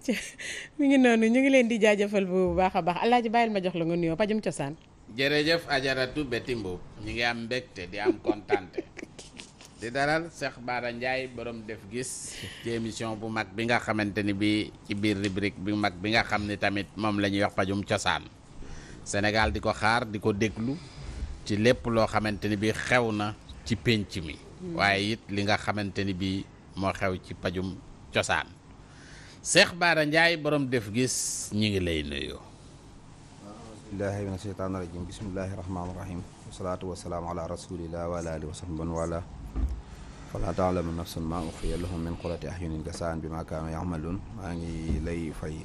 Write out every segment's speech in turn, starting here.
mu ngi noonu ñu ngi leen di jaajëfal bu baax a baax Alaaji bàyyil ma jox la nga nuyoo pajum cosaan jërëjëf ajaratu Betimbo ñu ngi am mbégte di am kontante di dalal seex Bara njaay borom def gis ci émission bu mag bi nga xamante ni bi ci biir rubrique bu mag bi nga xam ni tamit moom la ñuy wax pajum cosaan Sénégal di ko xaar di ko déglu ci lépp loo xamante ni bi xew na ci pénc mi mm. waaye it li nga xamante ni bi moo xew ci pajum cosaan Cheikh Bara Ndiaye borom def gis ñi ngi lay nuyu billahi mina sheytaani rajim bismillahi rahmaani rahim wasalaatu wasalaamu ala rasulillah wa ala alihi wa sahbihi wala fala taalamu nafsun ma ukhfiya jasaan bi ma kaanu ya'malun maa ngi lay fay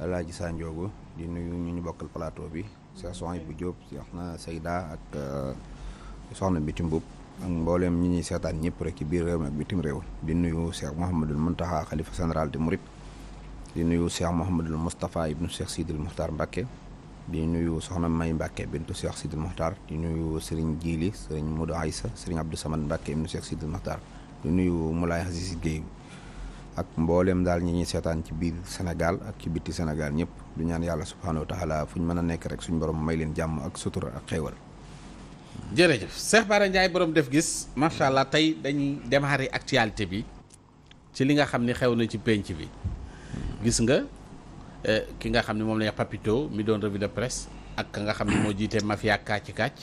Alaaji Sanjoogu di nuyu ñu ñu bokkal plateau bi Cheikh Sohaybu Diop Soxna Seyda ak uh, soxna Biti Mbub ak mbooleem ñi ñuy seetaan ñëpp rek ci biir réew mi ak bitim réew di nuyu Cheikh Mouhamadul Mountakha xalifa général di Mouride di nuyu Cheikh Mouhamadul Moustapha ibnu Cheikh Sidil Muxtar Mbacke di nuyu Soxna May Mbacke bintu Cheikh Sidil Muxtar di nuyu Serigne Djili Serigne Modou Aïssa Serigne Abdou Samad Mbacke ibnu Cheikh Sidil Muxtar di nuyu Moulay Aziz Guèye ak mbooleem daal ñi ñuy seetaan ci biir Sénégal ak ci bitti senegal ñëpp du ñaan yàlla subhaanahu wa taala fu ñu mën a nekk rek suñu borom may leen jàmm ak sutura ak xéewal jërëjëf Cheikh Bara Ndiaye borom def gis macha allah tey dañuy démarrer actualité bi ci li nga xam ni xew na ci pénc bi gis nga eh, ki nga xam ne moom la ñuy Papito mi doon revue de presse ak nga xam ne moo jiite mafia kàcc kàcc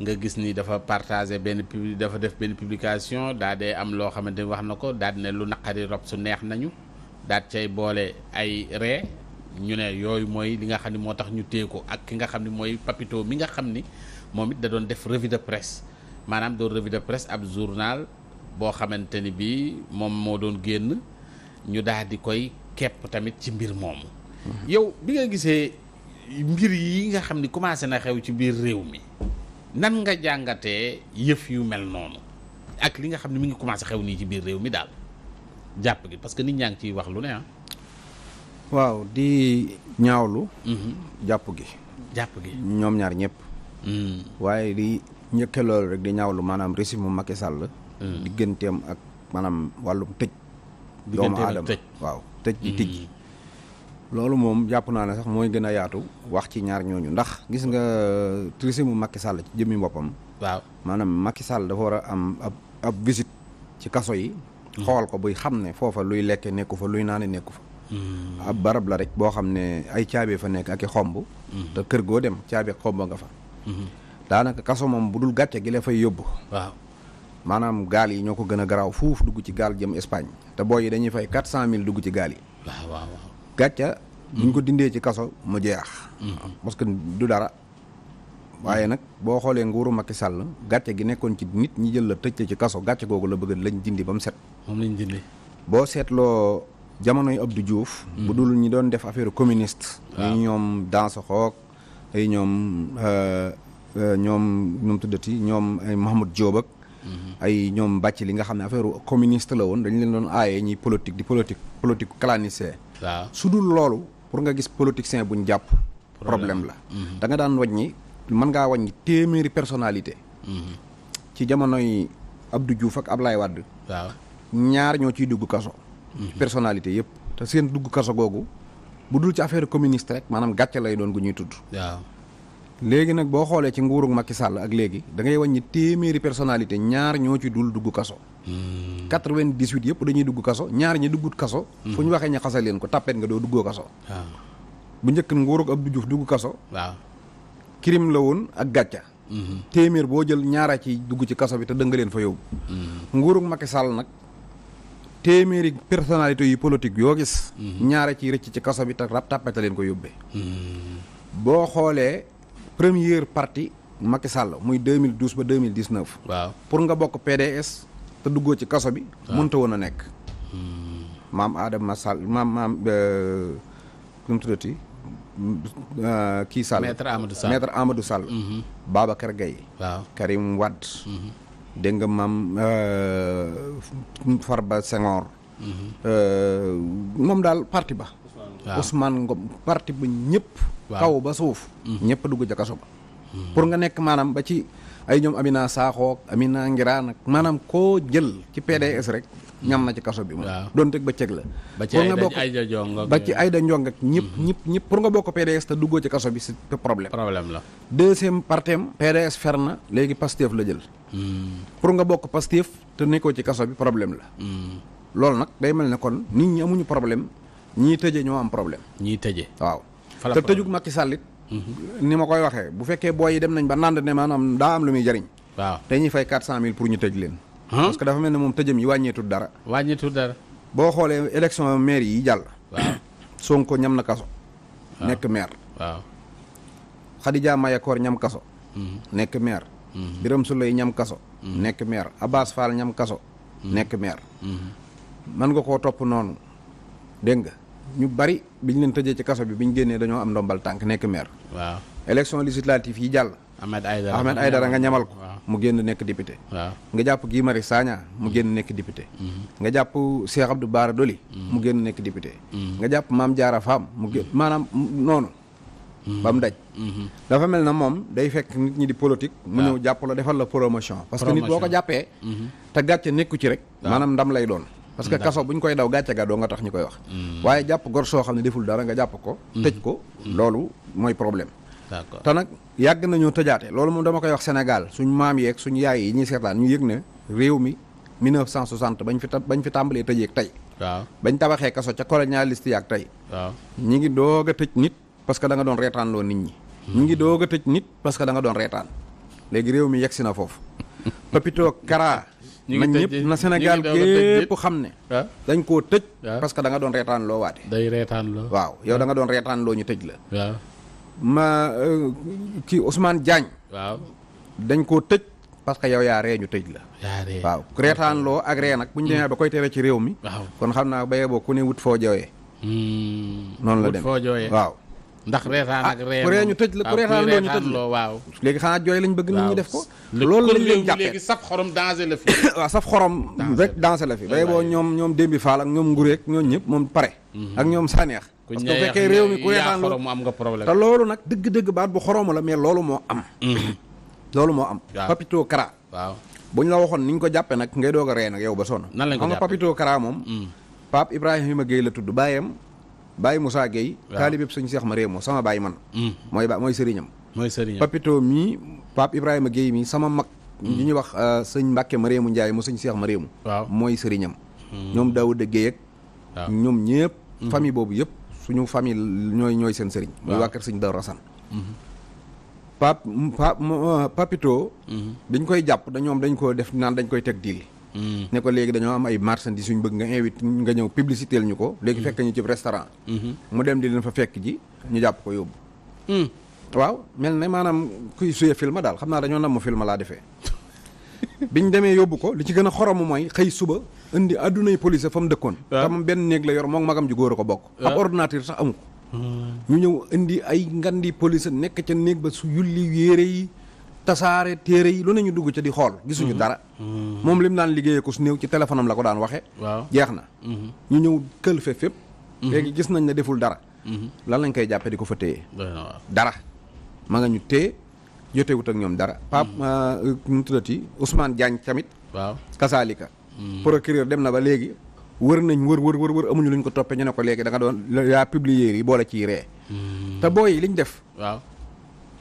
nga gis ni dafa partagé benn publi dafa def benn publication daa dee am loo xamante ni wax na ko daal ne lu naqari rob su neex nañu daal cay boole ay ree ñu ne yooyu mooy li nga xam ne moo tax ñu téye ko ak ki nga xam ne mooy Papito mi nga xam ni. moom it da doon def revue de presse maanaam doon revue de presse ab journal boo xamante ni bii moom moo doon génn ñu daal di koy kepp tamit ci mbir moomu. yow bi nga gisee mbir yi nga xam ni commencé na xew ci biir réew mi nan nga jàngatee yëf yu mel noonu ak li nga xam ne mu ngi commencé xew nii ci biir réew mi daal jàpp gi parce que nit ñaa ngi ciy wax lu ne ah. waaw di ñaawlu. Mhm. jàpp gi. jàpp gi ñoom ñaar ñëpp. Mm. waaye di njëkke loolu rek di ñaawlu maanaam régime mu Macky Sall. Mm. digganteem ak maanaam wàllum tëj. doomu aadama waaw tëj di tëj. Mm. loolu moom jàpp naa ne sax mooy gën a yaatu wax ci ñaar ñooñu ndax gis nga euh, régime mu Macky Sall ci jëmmi boppam. waaw maanaam Macky Sall dafa war a am ab ab ci kaso yi. xool ko buy xam ne foofa luy lekke nekku fa luy naane nekku fa. ab barab la rek boo xam ne ay caabi fa nekk ak i xomb. te kër goo dem caabi xomb nga fa. daanaka kaso moom bu dul gàcce gi la fay yóbbu. waaw maanaam gaal yi ñoo ko gën a garaaw fuuf dugg ci gaal jëm Espagne te booy yi dañuy fay quatre cent mille dugg ci gaal yi. waaw waaw waaw ko dindee ci kaso mu jeex. Mm-hmm. parce que du dara. waaye nag boo xoolee nguuru Macky sàll gàcce gi nekkoon ci nit ñi jël la tëj ci kaso gàcce googu la bëgg lañ dindi ba mu set. moom lañ dindi. boo seetloo jamonoy du Diouf. Mm-hmm. bu dul ñu doon def affaire communiste. waaw ñoom Dansokho ay ñoom euh, euh, ñoom ñoom tuddati ñoom ay Mahmoud Diop ak. Mhm. ay ñoom bàcc li nga xam ne affaire communiste la woon dañu leen doon aaye ñi politique di politique politique clandestin. waaw su dul loolu pour nga gis politicien buñ jàpp. problème la mhm. da nga daan ñi mën ngaa wañ wàññi téeméeri personnalité. Mhm. ci jamonoy Abdou Diouf ak Ablaye Wade. waaw ñaar ñoo ciy dugg kaso. personnalité yëpp te seen dugg kaso googu. bu dul ci affaire communiste rek maanaam gàcce lay doon gu ñuy tudd. léegi nag boo xoolee ci nguurug Macky sàll ak léegi da ngay wàññi téeméeri personnalité ñaar ñoo ci dul dugg kaso. 98 hmm. yëpp dañuy dugg kaso ñaar ñi duggut kaso. fu ñu hmm. waxee ñu xasal leen ko tàppet nga doo duggoo kaso. bu njëkk nguurug Abdou Diouf dugg kaso. waaw crime la woon ak gàcca hmm. téeméer boo jël ñaara ci dugg ci kaso bi te dënga leen fa yóbbu. nguurug Macky sàll nag. téeméeri personnalité yu politique yoo gis. Mhm. ñaare ci rëcc ci kaso bi te rab tàppate leen ko yóbbee. Mhm. boo xoolee première partie Macky Sall muy 2012 ba 2019. waaw pour nga bokk PDS te duggoo ci kaso bi. waaw mënta woon a nekk. Mhm. maam Adama Sall maam maam euh, euh, kii Sall. maître Amadou Sall maître Amadou Sall. Babacar Gueye. waaw Karim dégg nga maam euh, ba Senghor. Mhm. Euh, moom daal parti ba. waaw Ngom parti ba ñëpp. kaw ba suuf. Mhm. ñëpp dugg ca kaso ba. Mhm. pour nga nekk maanaam ba ci. ay ñoom Amina Sakho Amina Ngira nag maanaam koo jël ci PDS rek ñam na ci kaso bi. waaw doon teg bëccëg la. ba ci Ayda Njong ba ci Ayda Njong ak ñëpp mm-hmm. ñëpp ñëpp pour nga bokk PDS te duggoo ci kaso bi c'est problème. problème la deuxième partem PDS fer na léegi Pastef la jël. Mm-hmm. pour nga bokk Pastef te nekkoo ci kaso bi problème la. Mm-hmm. loolu nag day mel ne kon nit ñi amuñu problème ñii tëje ñoo am problème. ñii tëje waaw. te tëjug Macky Sall it Mm-hmm. ni ma koy waxee bu fekkee booy yi dem nañ ba nand ne maanaam daa am lu muy jariñ waaw dañuy fay quatre cent mille pour ñu tëj leen parce que dafa mel ne moom tëjëm yi wàññeetul dara wàññeetul dara boo xoolee élection maire yi jàll waaw Sonko ñam na kaso nekk maire waaw Khadija Mayakoor ñam kaso mm-hmm. nekk maire mm-hmm. Biram Souley ñam kaso nekk maire Abbas Fall ñam kaso nekk maire man nga koo topp noonu dégg nga ñu bari bi ñu leen tëjee ci kaso bi bi ñu génnee dañoo am ndombal tànk nekk maire. waaw élection législative yi jàll. Ahmed Aïdara Ahmed Aïdara nga ñamal ko. mu génn nekk député. nga jàpp Guy Marius Sagna mu génn nekk député. Mhm. nga jàpp Cheikh Abdou Bara Dolly. Mhm. mu génn nekk député. Mhm. nga jàpp maam jaara Fam mu maanaam noonu. ba mu daj. dafa mel na moom day fekk nit ñi di politique. mu ñëw jàpp la defal la promotion. parce que nit boo ko jàppee. te gàcce nekku ci rek. maanaam ndam lay doon. parce que kaso bu ñu koy daw gàcce ga doo nga tax ñu koy wax hmm. waaye jàpp gor soo xam ne deful dara nga jàpp ko hmm. tëj ko hmm. loolu mooy problème te nag yàgg nañoo tëjaate loolu moom dama koy wax Sénégal suñ maam yeeg suñ yaay yi ñu seetaan ñu yëg ne réew mi 1960 bañ fi bañ fi tàmbalee tëjeeg tey waaw bañ tabaxee kaso ca colonialiste yaag tey waaw ñi ngi doog a tëj nit parce que da nga doon reetaan loo nit ñi ñu ngi doog a tëj nit parce que da nga doon reetaan léegi réew mi yegsi na foofu papito na ñëpp na Sénégal gépp xam ne dañ koo tëj parce que da nga doon reetaan loo waate day waaw yow da nga doon reetaan loo ñu tëj la waaw ma euh, kii Ousmane Diagne dañ koo tëj parce que yow yaa ree ñu tëj la waaw reetaan loo ak ree nag bu ñu demee ba koy tere ci réew mi kon xam naa ba yeboo ku ne wut foo jooyee hmm. noonu la dem foo waaw ndax reetaan ak ree ku ree ñu tëj la ku ah, reetaan loo ñu tëj la waaw jooy lañ bëgg nit def ko loolu lañ leen jàppee léegi saf xorom danger la fi waaw saf xorom rek danger la fi bay boo ñoom ñoom démbi faal ak ñoom ngureeg ñoom ñëpp moom pare mhm. ak ñoom saneex parce que fekkee réew mi ku reetaan am nga problème te loolu nag dëgg-dëgg baat bu xoromu la mais loolu moo am mhm. loolu moo am papito karaa waaw bu ñu la waxoon ni ñu ko jàppee nag ngay doog a ree nag yow ba sonn nan lañ ko jàppee papito kara moom mhm. Pape Ibrahima géey la tudd baayam Baye Moussa Gueye taalib yëpp sëñ Cheikh ma réew sama baay man mm. mooy ba mooy sëriñam mooy sëriñam papito mii pap Ibrahima Gueye mii sama mag ñu mm. ñuy wax euh, sëñ Mbacke ma réew mu Ndiaye mu sëñ Cheikh ma réew mu mooy sëriñam mm. ñoom Daouda Gueye ak ñoom ñëpp mm-hmm. famille boobu yëpp suñu famille ñooy ñooy seen sëriñ muy waa kër sëñ Daw Rasan pap papito mm-hmm. dañ koy jàpp dañoom dañ ko def naan dañ koy teg diil ne ko léegi dañoo am ay marchandises suñ bëgg nga invité nga ñëw publicité ñu ko. léegi fekk ñu ci restaurant. Mm-hmm. mu dem di leen fa fekk ji ñu jàpp ko yóbbu. Mm. waaw mel ne maanaam kuy suyee film daal xam naa dañoo namm film laa defee. ñu demee yóbbu ko li ci gën a xoromu mooy xëy suba indi àddunay police fa mu dëkkoon. waaw ah. tam benn néeg la yor moom magam ju góor a ko bokk. Ah. ab ordinateur sax amu ko. Mm. ñu ñëw indi ay ngandi police nekk ca néeg ba su yulli yére yi. tasaare téere yi lu ne ñu dugg ca di xool gisuñu mhm. dara mhm. moom lim daan liggéeyee ko su néew ci téléphone la ko daan waxe waaw jeex na mhm. ñu ñëw këlfe fépp léegi gis nañ ne deful dara lan lañ koy jàppe di ko fa téye dara ma nga ñu téye jotewut ak ñoom dara Pape ñu euh, tuddati Ousmane Diagne tamit waaw kasaalika procureur dem na ba léegi wër nañ wër wër wër wër amuñu luñ ko toppee ñu ne ko léegi da nga doon yaa publier yi boole ci ree te booy yi liñ def waaw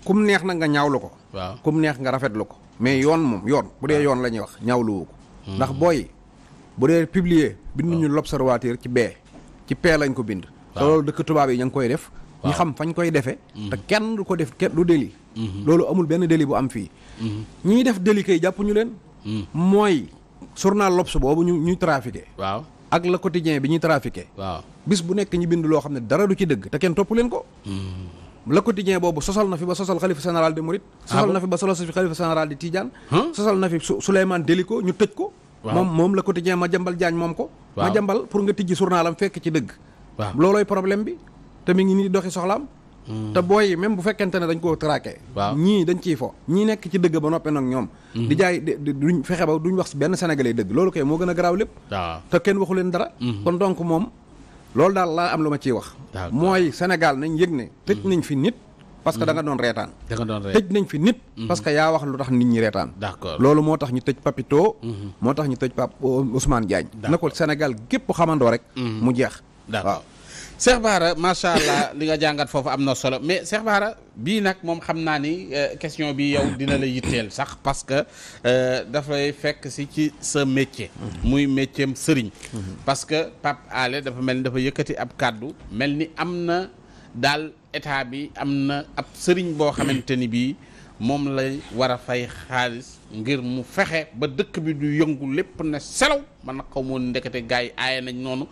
kum neex na nga ñaawlu ko waaw kum neex nga rafet lu ko. mais yoon moom yoon bu dee yoon la ñuy wax ñaawluwu ko. Hmm. ndax booy bu dee publier. bind ñu l'observateur ci bee ci pee lañ ko bind. waaw loolu dëkk tubaab yi ña ngi koy def. ñu xam fañ koy defee. Hmm. te kenn du ko def kenn du déli. Hmm. loolu amul benn déli bu am fii. ñiy def déli kay jàpp ñu leen. mooy journal L'Obs boobu ñu ñu trafiqué. waaw ak Le Quotidien bi ñuy trafiqué. waaw bis bu nekk ñu bind loo xam ne dara du ci dëgg. te kenn topp leen ko. le quotidien boobu sosal na fi ba sosal xalifa général de Mouride. Ah sosal na fi ba sosal fi xalifa général de Tidiane. sosal na fi Souleymane Deliko ñu tëj ko. moom moom le quotidien ma jambal Diagne moom ko. ma jambal pour nga tijji journalam fekk ci dëgg. waaw loolooy problème bi te mi ngi nii doxi soxlaam. Hmm. te booy même bu fekkente ne dañ koo traqué. waaw ñii dañ ciy fo. ñii nekk ci dëgg ba noppee nag ñoom. Hmm. di jaay duñ fexe ba duñ wax benn sénégalais dëgg loolu kay moo gën a garaaw lépp. te kenn waxu leen dara. Hmm. kon donc moom loolu daal laa am lu ma ciy wax. mooy Sénégal nañ yëg ne. tëj mm-hmm. nañ fi nit. parce que mm-hmm. da doon reetaan. da nga doon reetaan tëj nañ fi nit. Mm-hmm. parce que yaa wax lu tax nit ñi reetaan. d'accord loolu moo tax ñu tëj Papito. moo tax ñu tëj Pape Ousmane Diagne. na ko Sénégal gépp xamandoo rek. mu jeex waaw. Cheikh Bara macha allah li nga jàngat foofu am na solo mais Cheikh Bara bii nag moom xam naa ni euh, question bi yow dina la yitteel sax parce que euh, dafay fekk si ci sa métier. muy métier am sëriñ. parce que Pape Alé dafa mel ni dafa yëkkati ab kàddu mel ni am na daal état bi am na ab sëriñ boo xamante ni bii. moom lay war a fay xaalis ngir mu fexe ba dëkk bi du yëngu lépp na selaw man na xaw moon ndekete gars yi aaye nañ noonu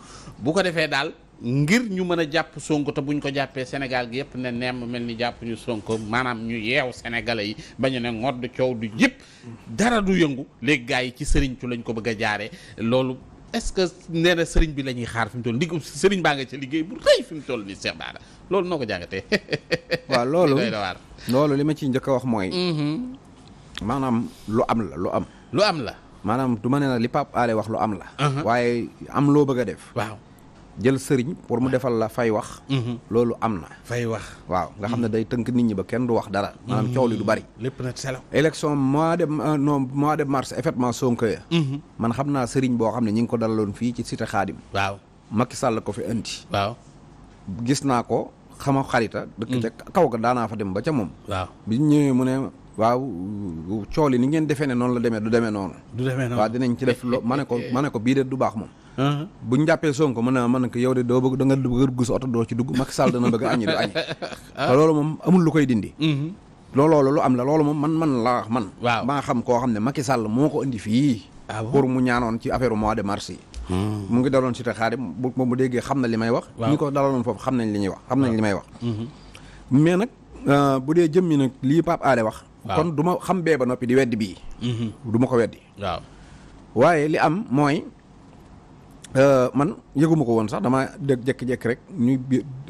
bu ko defee daal ngir ñu mën a jàpp Sonko te buñ ko jàppee Sénégal gi yëpp ne nemm mel ni jàpp ñu Sonko maanaam ñu yeew Sénégalais yi ba ñu ne ngodd coow du yëpp dara du yëngu léegi gars yi ci sëriñ ci lañ ko bëgg a jaaree loolu est-ce que nee sëriñ bi la ñuy xaar fi mu toll ndig sëriñ baa nga ci liggéey bu rëy fi mu toll ni Cheikh Bara loolu noo ko jàngatee. waaw loolu loolu li ma ciy njëkk a wax mooy. Mm-hmm. maanaam lu am la lu am. lu am la. maanaam du ma ne nag li Pape Alé wax lu am la. Uh-huh. waaye am loo bëgg a def. jël sëriñ pour mu defal la fay wax mhm. loolu am na fay wax waaw nga xam ne mhm. day tënk nit ñi ba kenn du wax dara maanaam mhm. coow li du bari lépp na selaw élection mois de euh, non mois de mars effectivement Sonko ya man xam naa sëriñ boo xam ne ñu ngi ko dalaloon fii ci cité Xaadim waaw Macky Sall ko fi indi gis naa ko xama xarita dëkk ca kaw ga daanaa fa dem ba ca moom waaw bi ñëwee mu ne waaw coow li ni ngeen defee ne noonu la demee du demee noonu du demee noonu waaw dinañ ci def lo ma ne ko ma ne ko bii de du baax moom buñ jàppee Sonko mën naa mën ko yow de doo bëgg da nga dugg sa oto doo ci dugg Macky Sall dana bëgg añi du añi te loolu moom amul lu koy dindi mhm. loolu lu am la loolu moom man man laa wax man waaw maa xam koo xam ne Macky Sall moo ko indi fii ah pour mu ñaanoon ci affaire mois de mars yi hmm. mu ngi daloon si te mu déggee xam na li may wax mhm. mais nag euh, bu dee jëmmi nag lii Pape wax kon du xam bee ba noppi di weddi bii mhm. du ko weddi waaye li am mooy Euh, man yëguma ko woon sax damaa dégg jékki-jékki rek ñuy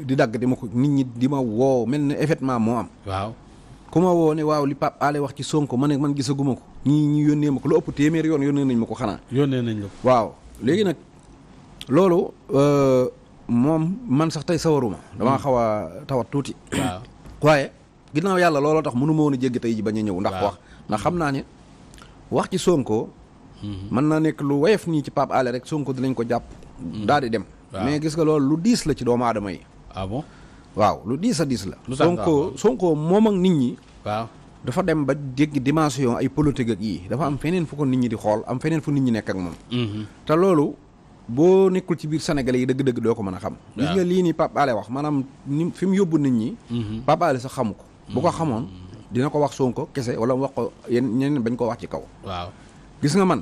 di dagg di ma ko nit ñi di ma woo mel ne événement moo am. waaw ku ma woone waaw li Pape Alé wax ci Sonko ma ne man gisaguma ko ñii ñi yónnee ma ko lu ëpp téeméer yoon yónnee nañ ma ko xanaa. yónnee nañ la waaw léegi nag loolu euh, moom man sax tey sawaruma. damaa hmm. xaw a tawat tuuti. waaye ginnaaw yàlla looloo tax mënu ma woon a jéggi tey ji bañ a ñëw. ndax wax ndax xam naa ne wax ci Sonko. Mhm. mën naa nekk lu woyof nii ci Pape Alé rek Sonko dinañ ko jàpp. Mhm. daal di dem. mais gis nga loolu lu diis la ci doomu aadama yi. Ah waaw lu diis a diis la. lu Sonko Sonko moom ak nit ñi. dafa dem ba jéggi dimension ay politique ak yii dafa am feneen fu ko nit ñi di xool am fu nit ñi nekk ak moom. Mhm. te loolu boo nekkul ci biir Sénégalais yi dëgg-dëgg doo ko mën a xam. gis nga lii nii Pape Alé wax maanaam ni fi mu yóbbu nit ñi. Pape sa xamu ko. bu ko xamoon dina ko wax Sonko kese wala wax ko yenn ñeneen bañ ko wax ci kaw. waaw gis nga man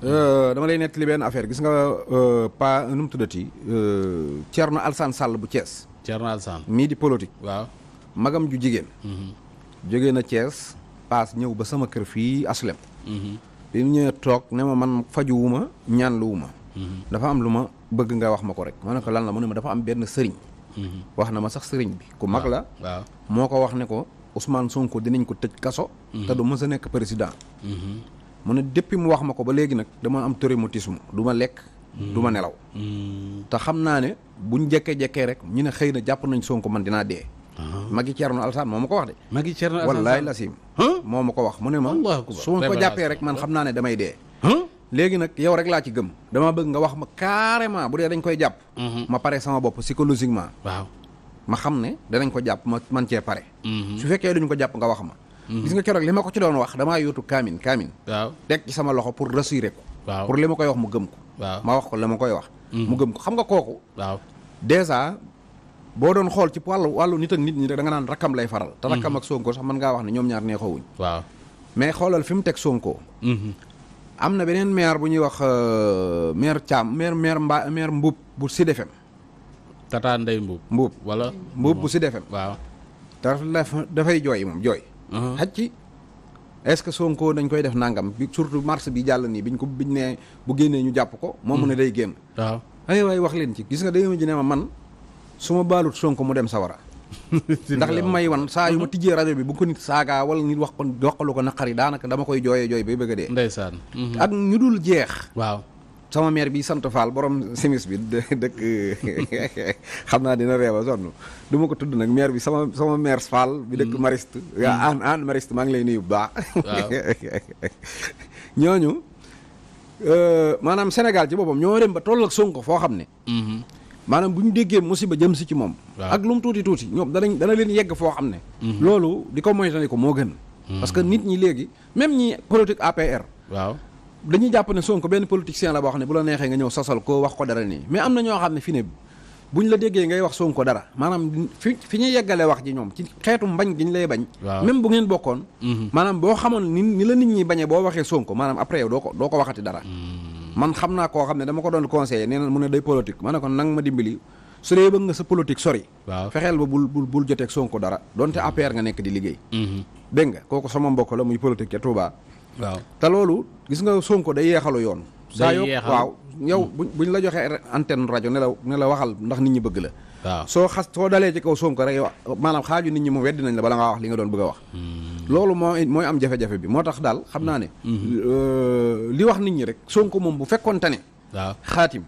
euh, dama lay li benn affaire gis nga euh, pa nu mu tuddati euh, Thierno Alsane Sall bu Thiès. Thierno Alsane mii di politique. waaw magam ju jigéen. Mhm. jóge na cees paas ñëw ba sama kër fii aslem mhm. bi ñëwee toog ne ma man fajuwuma ñaan luwuma mhm. dafa am lu ma bëgg nga wax ma ko rek ma ne ko lan la mu ne ma dafa am benn sëriñ wax na ma sax sëriñ bi ku mag la moo ko wax ne ko Ousmane Sonko dinañ ko tëj kaso te du mës a nekk président mu ne depuis mu wax ma ko ba léegi nag dama am traumatisme du ma lekk. du ma nelaw. te xam naa ne buñ jekkee jekkee rek ñu ne xëy na jàpp nañ Sonko man dinaa dee. Ah. Magi Thierno alsaan moo ma ko wax de. Magi Thierno Alassane wallaay Lasim. moo ma ko wax mu ne ma. su ma ko jàppee rek man xam naa ne damay dee. léegi nag yow rek laa ci gëm. dama bëgg nga wax ma carrément bu dee dañ koy jàpp. Mhm. ma pare sama bopp psychologiquement. waaw ma xam ne danañ ko jàpp ma man cee pare. Mhm. su fekkee duñ ko jàpp nga wax ma. Mhm. gis nga keroog li ma ko ci doon wax damaa yóotu kaamin kaamin waaw ci sama loxo pour rassurer ko pour li ma koy wax mu gëm ko waaw ma wax ko la ma koy wax mhm. mu gëm ko xam nga kooku waaw dèjà boo doon xool ci wàllu wàllu nit ak nit ñi rek da naan rakkam lay faral te mhm. rakkam ak Sonko sax man ngaa wax ne ñoom ñaar neexoowuñ waaw mais xoolal fi mu teg Sonko am na beneen maire bu ñuy wax euh, maire Thiam maire maire mba maire mbub bu si FM Tata Ndeye Mbuub mbub wala Mbuub bu si FM waaw te dafay jooy moom jooy xaj uh-huh. ci est-ce que Sonko dañ koy def nangam bi surtout mars bi jàll nii bi ñu ko biñ nee bu génnee ñu jàpp ko. moom mu ne hmm. day génn. waaw ay waay wax leen ci gis nga day ma ji ma man su ma baalut Sonko mu dem sawara ndax li may wan saa yu ma hmm. tijjee rajo bi bu ko nit saagaa wala nit wax ko waxalu ko naqari daanaka dama koy jooyee jooy bay bëgg a dee. ndeysaan. Hmm. ak ñu dul jeex. waaw. sama maire bi sant Fall borom simis bi dëkk xam naa dina reewa sonn du ma ko tudd nag maire bi sama sama maire bi dëkk mm. Mariste yaa aan mm. aan Mariste maa ngi lay nuyu bu baax ñooñu euh, maanaam Sénégal ci boppam ñoo dem ba toll ak Sonko foo xam ne mm-hmm. maanaam bu ñu déggee musiba jëm si ci moom ak lu mu tuuti tuuti ñoom danañ dana leen yegg foo xam ne mm-hmm. loolu di ko moytandi ko moo gën parce que mm-hmm. nit ñi léegi même ñi politique APR waaw dañuy jàpp ne Sonko benn politicien la boo xam ne bu la neexee nga ñëw sosal ko wax ko dara nii mais am na ñoo xam ne fi ne buñ la déggee ngay wax Sonko dara maanaam fi fi ñuy yeggalee wax ji ñoom ci xeetu mbañ gi ñu lay bañ. même bu ngeen bokkoon. Mm-hmm. maanaam boo xamoon ni ni la nit ñi bañee boo waxee Sonko maanaam après yow doo ko ko waxati dara. Mm-hmm. man xam naa koo xam ne dama ko doon conseillé nee na mu ne day politique ma ko nang ma dimbali su dee bëgg nga sa politique sori. waaw fexeel ba bul bul bul joteeg Sonko dara donte mm-hmm. APR nga nekk di liggéey. dégg nga kooku sama mbokk la muy politique ca Touba. waaw te loolu gis nga Sonko day yeexalu yoon. saa yo waaw yow mm. buñ la joxee antenne rajo ne la la waxal ndax nit ñi bëgg la. soo xas soo dalee ci kaw Sonko rek yow maanaam xaaju nit ñi mu weddi nañ la bala ngaa wax li nga doon bëgg a wax. Mm. loolu moo mooy am jafe bi moo tax daal xam naa ne. Mm. Mm-hmm. Euh, li wax nit ñi rek Sonko moom bu fekkonte ne. waaw xaatim.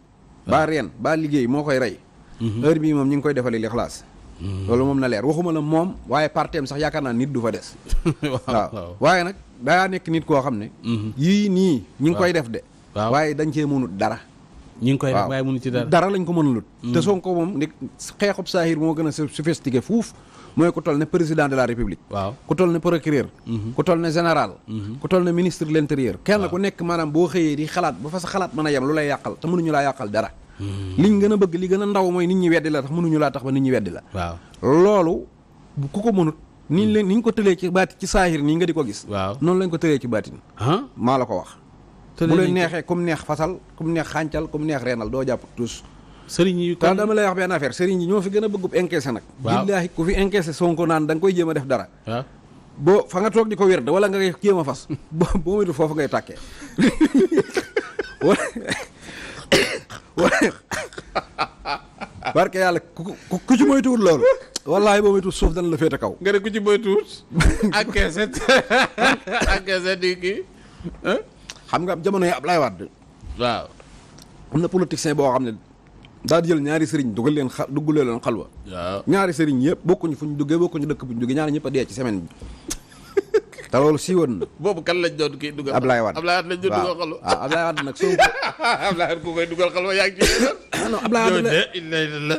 baa liggéey moo koy rey. Mm-hmm. heure bii moom ñu ngi koy defalee li xalaas. Mm-hmm. loolu moom na leer waxuma la moom waaye parteem sax yaakaar naa nit du fa des. waaw waaye nag daa nekk nit koo xam ne. Mhm. yii nii ñu ngi koy def de. waaye dañ cee mënut dara. ñu ngi koy def waaye mënu ci dara dara lañ ko mënulut. Mhm. te Sonko moom nag xeexub saahir moo gën a sophistiqué fuuf mooy ku toll ne président de la république. waaw ku toll ne procureur. Mhm. ku toll ne général. ku toll ne ministre de kenn ku nekk maanaam boo xëyee di xalaat ba fa sa xalaat mën a yem lu lay yàqal te mënuñu laa yàqal dara. liñ gën a bëgg li gën a ndaw mooy nit ñi weddi la tax mënuñu laa tax ba nit ñi weddi la. waaw loolu ku ko mënut niñ leen niñ ko tëlee ci baati ci saahir nii nga di ko gis. waaw noonu lañ ko tëlee ci baatin. maa la ko wax. bu leen neexee comme neex fasal comme neex xàncal comme neex reenal doo jàpp tous. sëriñ yi kon dama lay wax benn affaire sëriñ yi ñoo fi gën a bëggu encaissé nag. waaw billaahi ku fi encaissé sonko naan danga koy jéem a def dara. boo fa nga toog di ko wér wala nga koy jéem a fas boo boo moytu foofu ngay tàkkee. barke yàlla ku ku ci moytuwul loolu. wallaay boo moytuwul suuf dana la féete kaw. nga ne ku ci moytuwul. ak ak keeset di kii. xam nga jamono yi Ablaye Wade. waaw. am na politicien boo xam ne daa jël ñaari sëriñ dugal leen xa duggalee leen xal waaw ñaari sëriñ yëpp bokkuñu fu ñu duggee bokkuñu dëkk bu ñu duggee ñaari ñëpp a dee ci semaine bi. te loolu siiwoon na. boobu kan lañ doon kii dugal. Ablaye Wade Ablaye Wade lañ dugal xalwa. Ah, nag soo ko. Ablaye Wade ku koy dugal xalwa yaa ngi ci. non Ablaye Wade la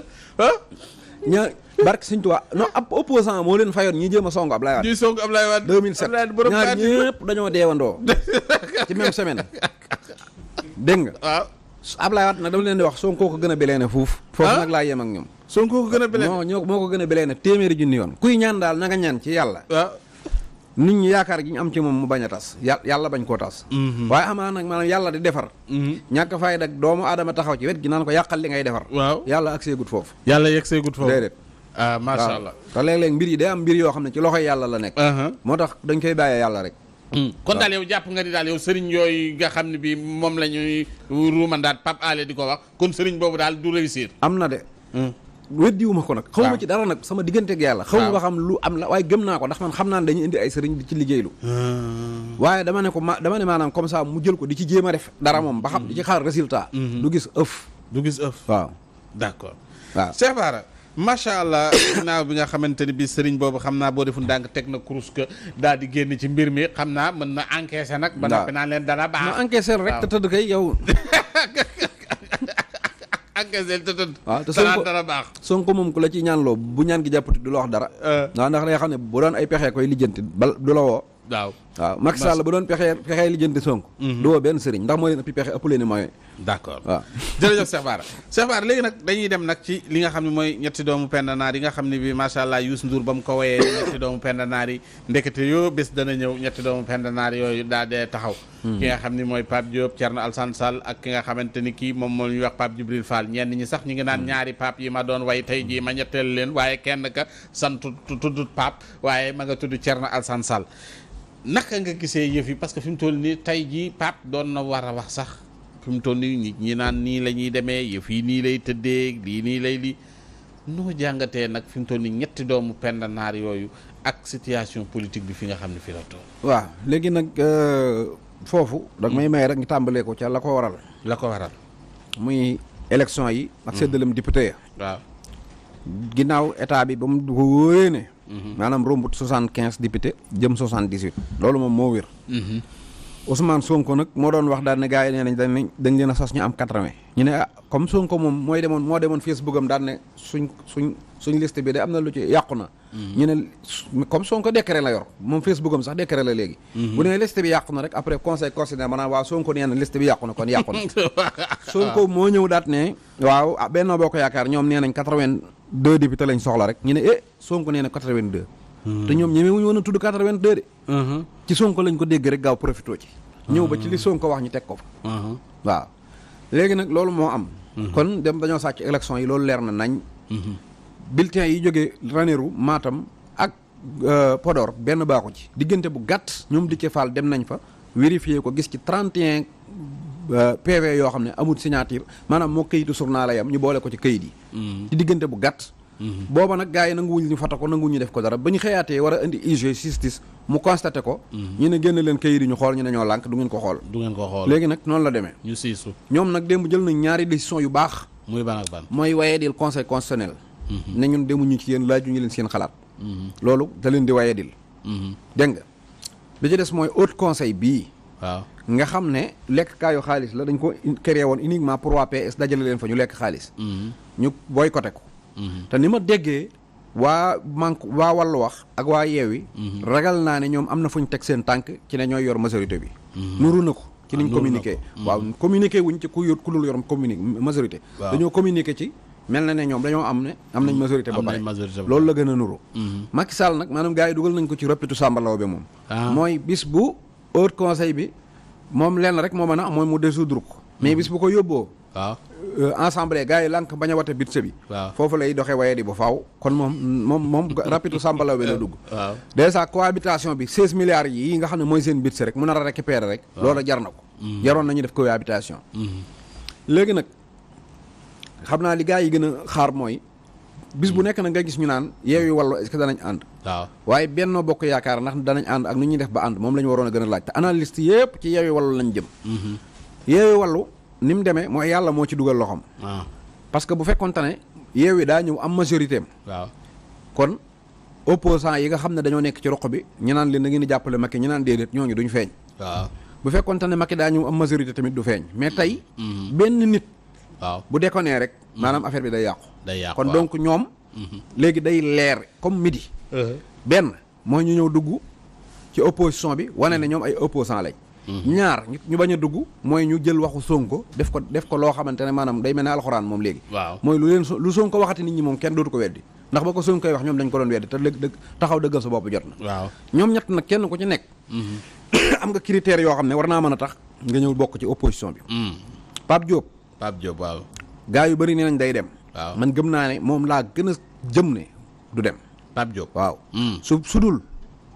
ña barke Sëñ Tuubaa non ab opposant moo leen fayoon ñi jéem a song Ablaye Wade ñi song Ablaye Wade 2007 ñaar ñëpp dañoo deewandoo ci même semaine dégg nga waaw Ablaye Wade nag dama leen di wax Sonko ko gën a beleene fuuf foofu ah? nag laa yem ak ñoom Sonko ko gën a beleene non moo ko gën a beleene téeméeri junni yoon kuy ñaan daal na ñaan ci yàlla nit ñi yaakaar gi ñu am ci moom mu bañ a tas yàlla bañ koo tas mhm. waaye amaa nag maanaam yàlla di defar mhm. ñàkk fayda ak doomu aadama taxaw ci wet gi naan ko yàqal li ngay defar waaw yàlla ak seegut foofu yàlla yegg seegut foofu déedéet ah macha allah te léeg-léeg mbir yi day am mbir yoo xam ne ci loxo yàlla la nekk uh-huh. moo tax dañ koy bàyyee yàlla rek hmm. kon daal yow jàpp nga ni daal yow sëriñ yooyu nga xam ne bi moom la ñuy ruumandaat Pape Alé di ko wax kon sëriñ boobu daal du réussir am na de hmm. weddiwuma ko nag xawma ci dara nag sama digganteeg yàlla xawma ba xam lu am la waaye gëm naa ko ndax man xam naa ne dañuy indi ay sëriñ di ci liggéeylu hmm. waaye dama ne ko ma dama ne maanaam comme ça mu jël ko di ci jéem a def dara moom ba xam hmm. di ci xaar résultat hmm. du gis ëf du gis ëf waaw d'accord waaw Cheikh Bara macha bi nga xamante ni bi sëriñ boobu xam naa boo defu ndànk teg na kurus daal di génn ci mbir mi xam naa mën na encaissé nag ba noppi naa leen dana baax na encaissé rek tëdd kay yow encaissé te tëdd. waaw te Sonko dara baax. Sonko moom ku la ci ñaanloo bu ñaan gi jàppati du la wax dara. Euh. waaw ndax day xam ne bu doon ay pexe koy lijjanti bal du la woo. waaw. waaw Macky Sall ba doon pexe pexe lijjanti Sonko mhm. du woo benn sëriñ ndax moo leen ëppi pexe ëpp leen moyen d'accord waaw jërëjëf Cheikh Bara Cheikh Bara léegi nag dañuy dem nag ci li nga xam ne mooy ñetti doomu pendanaar yi nga xam ne bi macha allah Youssou Ndour ba mu ko woyee ñetti doomu pendanaar yi ndekete yoo bés dana ñëw ñetti doomu pendanaar yooyu daa dee taxaw hmm. ki nga xam ne mooy Pape Diop Thierno Alassane Sall ak ki nga xamante ni kii moom moo ñuy wax Pape Djibril ñi sax ñi ngi naan hmm. ñaari Pape yi ma doon way tey jii ma ñetteel leen waaye kenn ka sant tuddut Pape waaye ma nga tudd Thierno Alassane Sall naka nga gisee yëf yi parce que fi mu toll nii tey jii Pape doon na war a wax sax fi mu toll nii nit ñi naan nii la ñuy demee yëf yi nii lay tëddee lii nii lay lii noo jàngatee nag fi mu toll nii ñetti doomu Penda Naar yooyu ak situation politique bi fi nga xam ne fi la toll. waaw léegi nag euh, foofu. da may hmm. may rek ñu tàmbalee ko ca la ko waral. la ko waral. muy élection yi. ak hmm. séddalem député ya. waaw ginnaaw état bi ba mu wóoree ne. maanaam rombut soixante quinze député jëm soixante dix huit loolu moom moo wér. Mhm. Ousmane Sonko nag moo doon wax daal ne gars yi nee nañ dañ ne dañ leen a sos ñu am quatre vingt. ñu ah, comme Sonko moom moo demoon Facebook bi de lu ci na. Mhm. ñu ne comme la yor moom Facebook am sax décret la léegi. Mhm. bu nee liste bi yàqu rek après conseil constitutionnel maanaam waaw Sonko nee na bi yàqu kon yàqu Sonko moo ñëw daat ne. waaw ah Benno Bokk Yaakaar ñoom nee quatre vingt deux députés lañ soxla rek ñu ne eh Sonko nee na quatre-vingt-deux hmm. te ñoom ñeme wuñu a tudd quatre-vingt-deux de hmm. ci Sonko lañ ko dégg rek gaaw profité ci ñëw ba ci li hmm. Sonko wax ñu teg ko fa waaw léegi nag loolu moo am kon dem dañoo sàcc élection yi loolu leer na nañ bulletin yi jógee Ranérou maatam ak euh, Podor benn baaxu ci diggante bu gàtt ñoom Déthié Fall dem nañ fa vérifier ko gis ci trente et PV yoo xam ne amul signature maanaam moo kayitu journal la yam ñu boole ko ci kayit yi. Mm-hmm. ci diggante bu gàtt. Mm-hmm. booba nag gars yi nanguwuñ ñu fata ko nanguwuñ ñu def ko dara ba ñu xëyaatee war a indi IG justice mu constaté ko. Mm-hmm. ñu ne génn leen kayit yi ñu xool ñu ne ñoo lànk du ngeen ko xool. du ngeen ko xool léegi nag noonu la demee. ñu siisu ñoom nag démb jël nañ ñaari décision yu baax. muy ban ak ban mooy waaye dil conseil constitutionnel. ne ñun demuñu ci yéen laaju ñu leen seen xalaat. loolu da leen di waaye dil. dégg nga bi ci des mooy haut conseil bii. waaw nga xam ne lekk kaayu xaalis la dañ ko créé woon uniquement pour waa PS dajale leen fa ñu lekk xaalis. Mhm. ñu boycotté ko. Mhm. te ni ma déggee waa manque waa wàllu wax ak waa yeewi. Mhm. ragal naa ne ñoom am na fu ñu teg seen tànk ci ne ñooy yor majorité bi. nuru na ko. ci ah, niñ communiqué waaw communiqué wuñ ci ku yor ku lu yor communiqué majorité. dañoo communiqué ci. mel na ne ñoom dañoo am ne am nañ majorité ba pare loolu la gën a nuru Macky Sall nag maanaam gars yi dugal nañ ko ci roppitu sàmbalaw bi moom ah. mooy bis bu haut bi moom lenn rek moo mën a mooy mu résoudre ko mais hmm. bis bu ko yóbboo waaw euh, ensemble gars yi lànk bañ a wate bitse bi foofu lay doxee waye di ba faw kon moom moom moom rapitu sàmbalaw bi la dugg dèjà cohabitation bi seize milliards yi nga xam ne mooy seen bitse rek mu nar a récupérer rek loolu jar na ko hmm. jaroon nañu def cohabitation hmm. léegi nag xam naa li gars yi gën a xaar mooy bis bu nekk nag nga gis ñu naan yeewi wàllu est-ce que danañ ànd waaye bennoo bokk yaakaar ndax danañ ànd ak nu ñuy def ba ànd moom la waroon a gën a laaj te analyste yëpp ci yeewi wàllu lañ jëm mhm. yeewi wàllu ni mu demee mooy yàlla moo ci dugal loxoom ah. parce que bu fekkonte ne yeewi daa ñëw am majorité am waaw kon opposant yi nga xam ne dañoo nekk ci roq bi ñu naan leen da ngeen di jàppale Macky ñu naan déedéet ñooñu duñ feeñ waaw bu fekkonte ne Macky daa ñëw am majorité tamit du feeñ mais waaw bu déconné rek maanaam mm-hmm. affaire bi day yàqu. day yàqu kon donc ñoom. Mm-hmm. léegi day leer comme midi. Uh-huh. benn mooy ñu ñëw dugg ci opposition bi wane ne ñoom ay opposant lañ. Mm-hmm. ñaar ñu bañ dugg mooy ñu jël waxu ko def ko def ko loo xamante ne maanaam day mel ne alxuraan moom léegi. waaw mooy lu leen lu Sonko waxati nit ñi moom kenn dootu ko weddi ndax ba ko Sonko koy wax ñoom dañ ko doon weddi te léegi dëgg taxaw dëggal sa bopp jot na. waaw ñoom ñett nag kenn ku ci nekk. am nga critères yoo xam ne war naa mën a tax nga ñëw bokk ci opposition bi. Mm. Pape Diop. Pape Diop waaw. gaa yu bari ne nañ day dem. man gëm naa ne moom laa gën a jëm ne du dem. Pape Diop waaw. Hmm. su su dul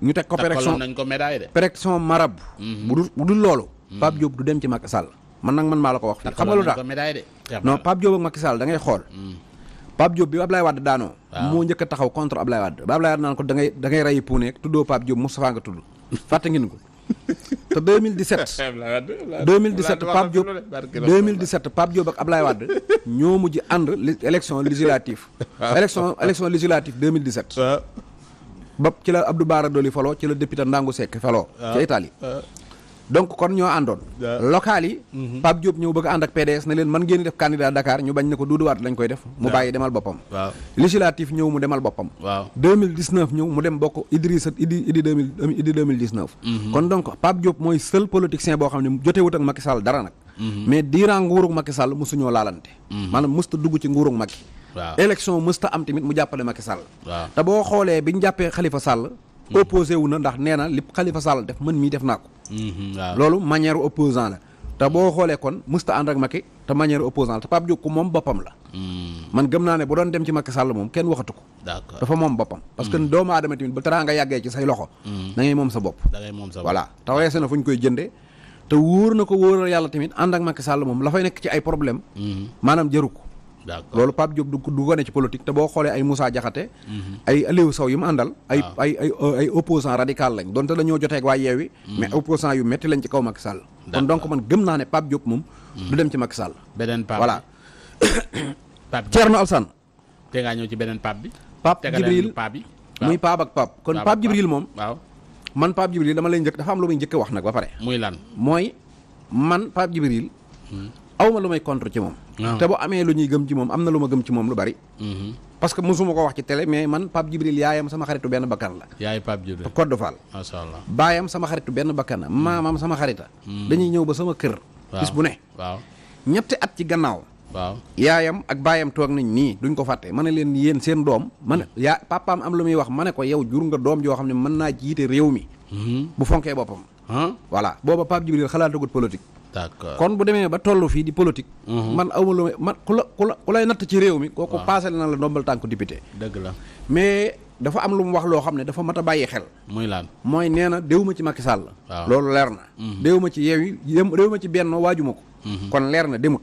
ñu teg ko péréction nañ ko médaille de. péréction marab. Hmm. bu du bu dul loolu. Hmm. Pape Diop du dem ci Macky Sall. man nag man maa la ko wax. xam nga lu tax non Pape Diop ak Macky Sall da dangay xool. pap Diop bi Ablaye Wade daanoo. moo njëkk taxaw contre Ablaye Wade ba Ablaye Wade naan ko da ngay da ngay rey puune tuddoo Pape Diop Moustapha nga tudd fàtte ngeen ko. te 2017. Abdoulaye Wade 2017 Pape Diop 2017 Pape Diop ak Abdoulaye Wade ñoo mujj ànd élection législative. élection élection législative 2017. ba ci la Abdou Bara Dolly faloo ci la député Ndangu Seck faloo. ca Italie donc kon ñoo àndoon. local yi. Mm-hmm. Pape Diop ñëw bëgg ànd ak PDS ne leen man ngeen def candidat Dakar ñu bañ ne ko Doudou Wade lañ koy def. mu bàyyi demal boppam. waaw législatif ñëw mu demal boppam. waaw 2019 ñëw mu dem bokk Idrissa Idi Idi deux mille Idi 2019. Mm-hmm. kon donc Pape Diop mooy seul politicien boo xam ne jotewut ak Macky Sall dara nag. Mm-hmm. mais diiraan nguurug Macky Sall mosuñoo laalante. maanaam mosut a dugg ci nguurug Macky. waaw élection mosut am tamit mu jàppale Macky Sall. waaw te boo xoolee bi ñu jàppee xalifa Sall. opposé wu na ndax nee na li Khalifa Sall def mën mii def naa ko. Mhm, loolu manière opposant la. te boo xoolee kon musta ànd ak Macky te manière opposant la te Pape Diop ko moom boppam la. Mhm. man gëm naa ne bu doon dem ci Macky Sall moom kenn waxatu ko. d'accord dafa moom boppam. parce que mhm. doomu aadama tamit ba nga yàggee ci say loxo. da moom sa bopp. da ngay moom sa bopp voilà te weese na fu ñu koy jëndee. te wóor na ko wóoral yàlla tamit ànd ak Macky Sall moom la fay nekk ci ay problème maanaam jëru ko. loolu Pape Diop du du gone ci politique te boo xoolee ay Moussa Diakhaté mhm. ay Aliou Sow yu mu àndal ay ah. ay ay euh, ay radical lañ donte dañoo joteeg waa yeewi mhm. mais opposant yu metti lañ ci kaw Macky Sall kon donc man gëm naa ne Pape Diop moom mhm. du dem ci Macky saal beneen Pape voilà Pape Thierno Alsane te ngaa ñëw ci beneen Pape bi Pape Djibril bi muy Pape ak Pape kon Pape Djibril moom waaw man Pape Djibril dama lay njëkk dafa am lu muy njëkk wax nag ba pare muy lan mooy man Pape Djibril hmm. aw ma lu may contre ci moom. Ah. te bu amee lu ñuy gëm ci moom am na lu ma gëm ci moom lu bari. Mm-hmm. parce que mosuma ko wax ci tele mais man Pape Djibril yaayam sama benn bakkan la. yaay Pape Djibril Codé Fall. macha allah sama xaritu benn bakkan la maamam sama xarita. Mm-hmm. dañuy ñëw ba sama kër. bu ne. waaw ñetti at ci gannaaw. yaayam ak baayam toog nañ nii duñ ko fàtte ma ne leen yéen seen doom ma ne mm-hmm. yaa papaam am lu muy wax ma ne ko yow jur nga doom joo xam ne mën naa jiite réew mi. bu fonkee boppam. voilà booba Pape Djibril xalaatagut politique. d'accord kon bu demee ba tollu fii di politique. Mhm. man awma lu man ku la ku la ku lay natt ci réew mi. kooku paasal na la ndombal tànk député. dëgg la mais dafa am lu mu wax loo xam ne dafa mat a bàyyi xel. muy laan mooy nee na déwuma ci Macky Sall. waaw loolu leer na. Mhm. déwuma ci yeew yi déwuma ci benn waajuma ko. Mhm. kon leer na demut.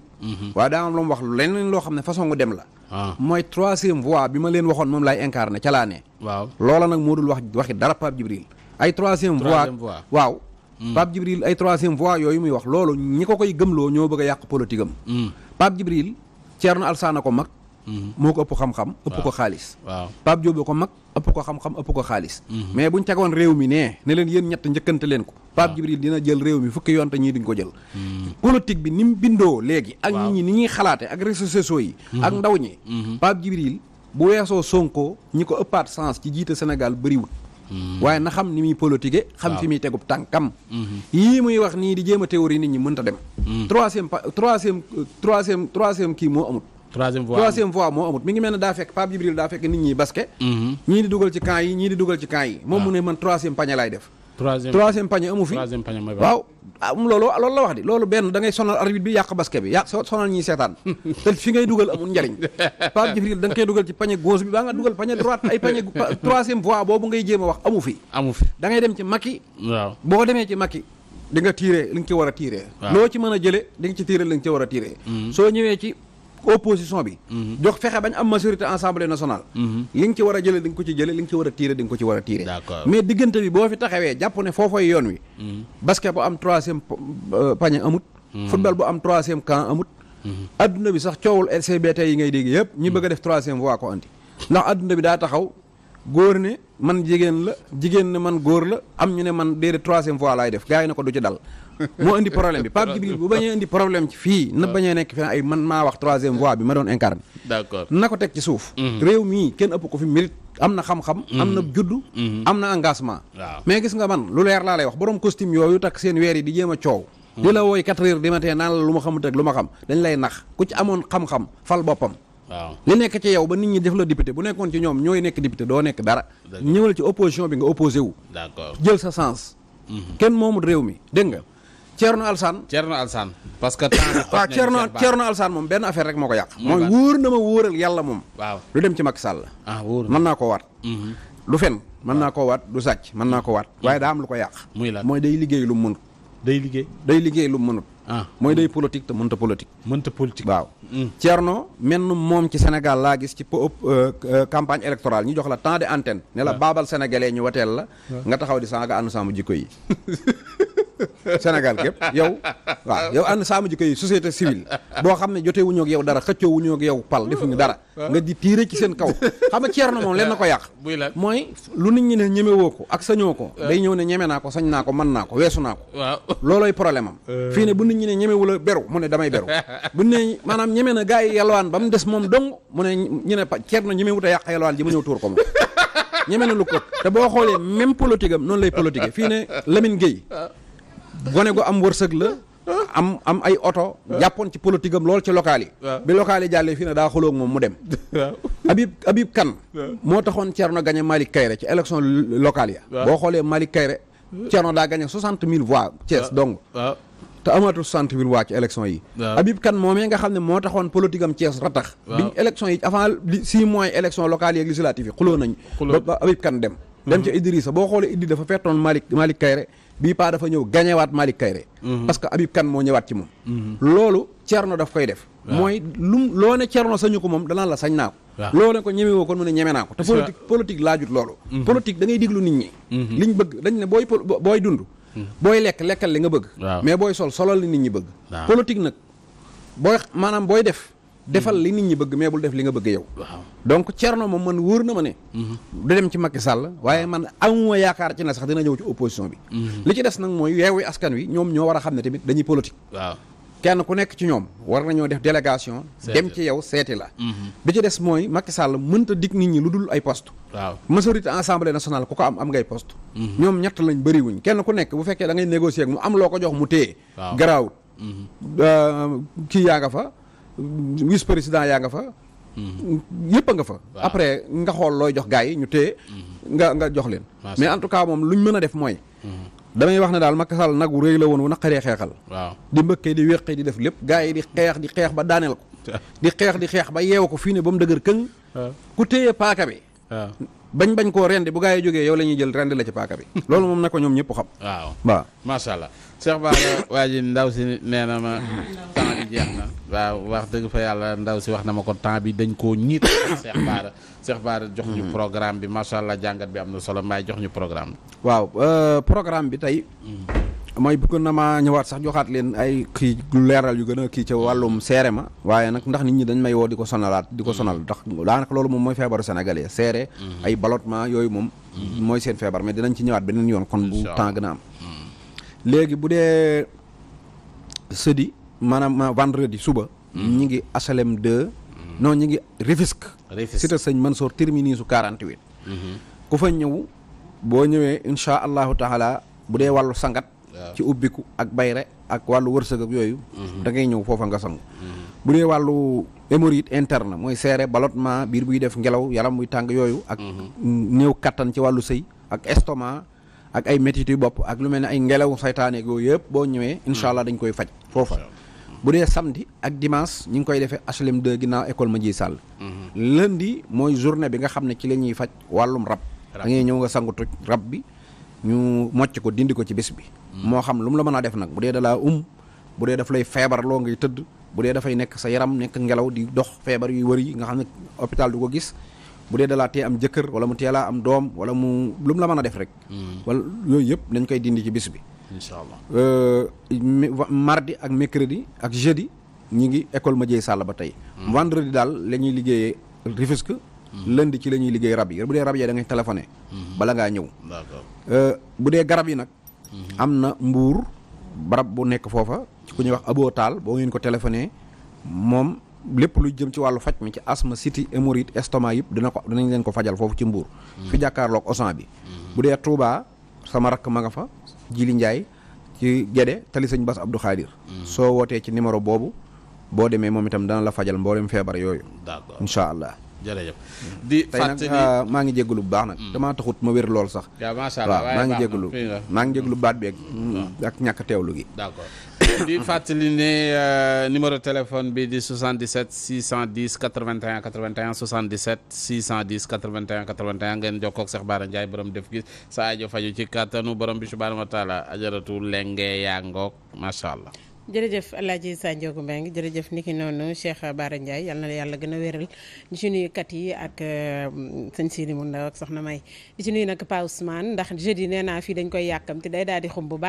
waa daa am lu mu wax leneen loo xam ne façon nga dem la. Ah. mooy troisième voie bi ma leen waxoon moom laay incarné ca laa ne. waaw loola nag moo dul wax waxi dara Pape Djibril. ay troisième voie waaw. Mm. Pape Djibril ay troisième voie yooyu muy wax loolu ñi ko koy gëmloo ñoo bëgg yàq politique am. Mm. Pape Djibril Thierno Alsana ko mag. Mm-hmm. moo ko ëpp xam-xam ëpp ko xaalis. waaw Pape Diop ko mag ëpp ko xam-xam ëpp ko xaalis. Mm-hmm. mais bu buñ tegoon réew mi nee ne leen yéen ñett njëkkante leen ko. Pape Djibril dina jël réew mi fukki yoon te ñii duñ ko jël. Mm-hmm. politique bi ni mu bindoo léegi. ak nit ñi ni ñuy xalaate ak réseaux yi. ak ndaw ñi. Pape Djibril bu weesoo Sonko ñi ko ëppaat sens ci jiite Sénégal bëriwul. Hmm. waaye na xam ni muy politique xam fi muy tegub tànkam hmm. yii muy wax nii di jéem a théorie nit ñi mënta dem hmm. troisième troisième troisième troisième kii moo amut troisième fois moo amut mi ngi mel ne daa fekk Pape Djibril daa fekk nit ñi basket ñii di dugal ci camp yi ñii di dugal ci camp yi moom ah. mu ne man troisième pañe lay def troisième troisième panier amu fi troisième panier mooy waaw am ah, loolu loolu benn da sonal arbitre bi yàq basket bi yàq sonal ñiy seetaan te fi ngay dugal amul njariñ Pape Djibril da dugal ci panier gauche bi baa nga dugal panier droite ay panier troisième voie boobu ngay jéem a wax amu fi amu dem ci makki waaw boo demee ci makki di nga tiiree li nga ci war a tiire loo ci mën a jële di ci tiire li nga ci war a tiiree mm. soo ñëwee ci opposition bi. jox mhm. fexe bañ am majorité assemblée nationale. Mhm. li nga ci war a jëlee di nga ko ci jëlee li nga ci war a tiire di ko ci war a tiire. mais diggante bi boo fi taxawee jàpp ne foofooy yoon wi. Mhm. basket bu am troisième euh, panier amut. football bu am troisième camp amut. àdduna bi sax coowul RCBT yi ngay dégg yëpp ñi bëgg a def troisième voie ko andi ndax adduna bi daa taxaw góor ne man jigéen la jigéen ne man góor la am ñu ne man déedéet troisième voie laay def gars yi ne ko du ci dal. moo indi problème bi Pape Djibril bu bañee indi problème ci fii na bañee nekk fi ay man maa wax troisième voie bi ma doon incarné d'accord na ko teg ci suuf mhm. réew mii kenn ëpp ko fi mérite am na xam-xam mhm. am na juddu mhm. am na engagement mais gis nga man lu leer laa lay wax borom costume yooyu takk seen weer yi di jéem a coow di la wooy quatre heures du matin naan la lu ma xamut ak lu ma xam dañ lay nax ku ci amoon xam-xam fal boppam waaw li nekk ci yow ba nit ñi def la député bu nekkoon ci ñoom ñooy nekk député doo nekk dara ñëwal ci opposition bi nga opposé wu d'accord jël sa sens kenn moomut réew mi dégg nga Thierno Alsane Thierno Alsane parce que temps waaw Thierno Thierno Alsane moom benn affaire rek moo ko yàq mooy wóor na ma wóoral yàlla moom waaw lu dem ci Macky Sall ah mën naa koo waat lu mhm. fen mën naa koo waat lu sàcc mën naa ko waat mhm. waaye daa am lu ko yàq muy lan mooy day liggéey lu mu mënut day liggéey day liggéey lu mu mënut ah mooy day politique te mënta politique mënta politique waaw mm. Thierno menn moom ci Sénégal laa gis ci po euh, euh, campagne électorale ñu jox la temps de antenne ne la ah. baabal sénégalais ñu wateel la ah. nga taxaw di saaga ànd saamu jikko yi Sénégal képp yow waaw yow ànd saamu jikko yi société civile boo xam ne jote wuñu ak yow dara xëccoo wuñu ak yow pal defuñu dara nga di tiire ci seen kaw xam nga ceer na moom leen na ko yàq mooy lu nit ñi ne ñemewoo ko ak sañoo ko day ñëw ne ñeme naa ko sañ naa ko mën naa ko weesu naa ko waaw loolooy problème euh. bu nit ne ñemewu la beru mu ne damay beru bu ne maanaam ñeme na gars yi yalwaan ba mu des moom dong mu ne ñu ne ceer na ñemewut a yàq yalwaan ji mu ñëw tuur ko moom ñeme na lu ko te boo xoolee même politique am noonu lay politique fii ne gone gu am wërsëg la am am ay oto jàppoon ci politique am lool ci local yi bi local yi jàllee fii ne daa xuloo moom mu dem Habib Habib Kane moo taxoon Thierno gagné Malick Kayre ci élection locale ya boo xoolee Malick Kayre Thierno daa gagné soixante mille voix Thiès dong te amaatul soixante mille voix ci élection yi Habib Kane moomee nga xam ne moo taxoon politique am Thiès ratax biñ élection yi avant six mois élection locale yi ak législative yi xuloo nañ ba Habib Kane mhm. boo xoolee Idri dafa fettoon Malick Malick Kayre bii paa dafa ñëw gañewaat Malick Kayre mhm. parce que Habib Kane moo ñëwaat ci moom mhm. loolu Thierno daf koy def mooy lum loo ne Thierno sañu ko moom danaan la sañ naa ko loo ne ko ñeme woo kon mu ne ñeme naa ko te politique politique laajut loolu mhm. politique da ngay diglu nit ñi liñ bëgg dañ ne booy booy dund booy lekk lekkal li nga bëgg mais booy sol solal li nit ñi bëgg politique nag booy maanaam booy def defal li nit ñi bëgg mais bul def li nga bëgg yow. donc Thierno moom man wóor na ma ne. Mhm. du dem ci Macky Sall waaye man amuma yaakaar ci ne sax dina ñëw ci opposition bi. Mhm. li ci des nag mooy yeewu askan wi ñoom ñoo war a xam ne tamit dañuy politique. waaw kenn ku nekk ci ñoom war nañoo def délégation. ci yow seeti la. Mhm. bi ci des mooy Macky Sall mënta dig nit ñi lu ay poste waaw majorité assemblée nationale ku ko am am ngay poste ñoom ñett lañ bëri kenn ku nekk bu fekkee da ngay négocier ak mu am loo ko jox mu téye. waaw garaawut. Euh, kii yaa nga fa. vice président yaa nga fa. Mhm. yëpp a nga fa. après nga xool looy jox gars yi ñu téye. Mhm. nga nga jox leen. mais en tout cas moom luñ mën a def mooy. Mhm. damay wax ne daal Macky Sall nag wu rëy la woon wu naqaree xeexal. waaw di mbëkkee di wéqee di def lépp gars yi di xeex di xeex ba daaneel ko. di xeex di xeex ba yeew ko fii ne ba mu dëgër këng. ku téye paaka bi. bañ bañ koo rendi bu gaa yi jógee yow la ñuy jël rendi la ci paaka bi. loolu moom na ko ñoom ñëpp xam. waaw waaw macha allah. Cheikh waa ji ndaw si na ma. jeex waaw wax dëgg fa yàlla ndaw si wax na ma ko temps bi dañ koo ñiit Cheikh Bara Cheikh Bara jox ñu mm-hmm. programme bi macha allah jàngat bi am na solo maay jox ñu programme bi waaw euh, programme bi tey mm-hmm. mooy bëggoon na maa ñëwaat sax joxaat leen ay kii leeral yu gën a kii ca wàllum mm-hmm. seere ma waaye nag ndax nit ñi dañ may woo di ko sonalaat di ko sonal ndax daanaka loolu moom mooy feebaru sénégalais seere ay ballottement yooyu moom mooy seen feebar mais dinañ ci ñëwaat beneen yoon kon bu temps gën maanaam vendredi suba. Hmm. ñu ngi HLM 2. Hmm. non ñu ngi Rufisque. Rufisque cité sëñ Mansour terminus 48. Hmm. ku fa ñëw boo ñëwee incha allahu taala bu dee wàllu sangat. ci ubbiku ak bayre ak wàllu wërsëg ak yooyu. da ngay ñëw foofa nga sangu. bu dee wàllu hémorroïde interne mooy seere ballottement biir buy def ngelaw yaram buy tàng yooyu. ak néew kattan ci wàllu sëy ak estomac. ak ay métit yu bopp ak lu mel ne ay ngelaw saytaane yooyu yëpp boo ñëwee. incha allah dañ koy faj foofa. bu dee samedi ak dimanche ñu ngi koy defee HLM 2 ginnaaw école Mandiaye Sall. Mhm. lundi mooy journée bi nga xam ne ci la ñuy faj wàllum rab. da ngay ñëw nga sangu rab bi ñu mocc ko dindi ko ci bés bi. Mhm. moo xam lu mu la mën a def nag bu dee da laa um bu dee daf lay feebar loo ngay tëdd bu dee dafay nekk sa yaram nekk ngelaw di dox feebar yu wër yi nga xam ne hôpital du ko gis. bu dee dalaa tee am jëkkër wala mu teelaa am doom wala mu lu mu la mën a def rek. Mhm. wala yooyu yëpp dañ koy dindi ci bis bi. incha allah euh, mardi ak mercredi ak jeudi ñi ngi école Madieye Sall ba tey. Hmm. vendredi daal la ñuy liggéeyee Rufisque. Hmm. lundi ci la ñuy liggéey rab yi bu dee rab yi da ngay téléphoné. Hmm. bala ngaa ñëw. Euh, bu dee garab yi nag. am na mbuur barab bu nekk foofa ci ku ñuy wax Abo Taal boo ngeen ko téléphoné moom lépp lu jëm ci wàllu faj mi ci asthme cité hémorroïde estomac yëpp dina ko dinañ leen ko fajal foofu ci mbuur. fi jàkkaarloog osan bi. bu dee Touba sama rakk ma nga fa. Jili Ndiaye ci Gede tali sëñ Bass Abdou Khadir. Mm-hmm. soo wootee ci numéro boobu boo demee moom itam dana la fajal mboolem feebar yooyu. d'accord incha allah. jërëjëf di fàttali tey ah, maa ngi jégalu bu baax nag. Mm. damaa taxut ma wér lool sax. waaw maa ngi jégalu maa ngi jégalu baat beeg. Mm-hmm. ak ñàkk teewlu gi. d'accord di fàttali ne euh, numéro téléphone bi di 77 610 81 81 77 610 81 81 ngeen jokkoo ak Cheikh Bara Ndiaye borom def gis sa aajo faju ci kàttanu borom bi subhaanahu wa taala ajaratu lenge yaa ngoog macha allah. jërëjëf El Hadj Sa Ndiogou Mbengue jërëjëf niki noonu Cheikh Bara yal na yàlla gën a wéral di ci nuyu kat yi ak euh, sëñ Sidi Mounda ak soxna May di ci nuyu nag Pa ndax jeudi nee naa dañ koy yàkkamti day daal di